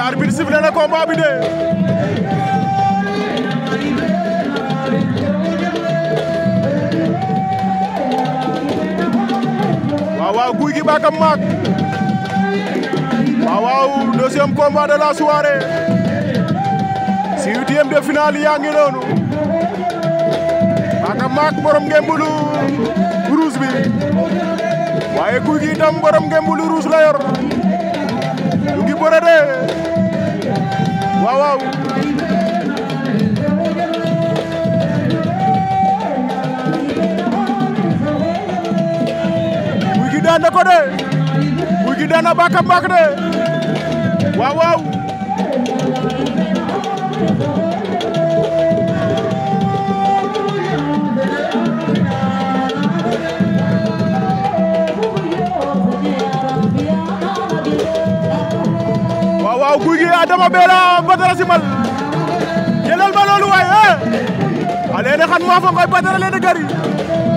ca arbitre sifflé na combat bi de waaw waaw Wow, gi bakam kau waaw waaw deuxième combat de la soirée si huitième de finale yaa ngi noonu bakam mak borom ngembulu rouge bi gi borom bulu rouge la waaw waaw ko de Gouy Gui daan na de waaw waaw guy gi Adama Bella Batara Simal jëlal ma loolu waay eh. Alé ne xan maa fa ngoy Batara leen gari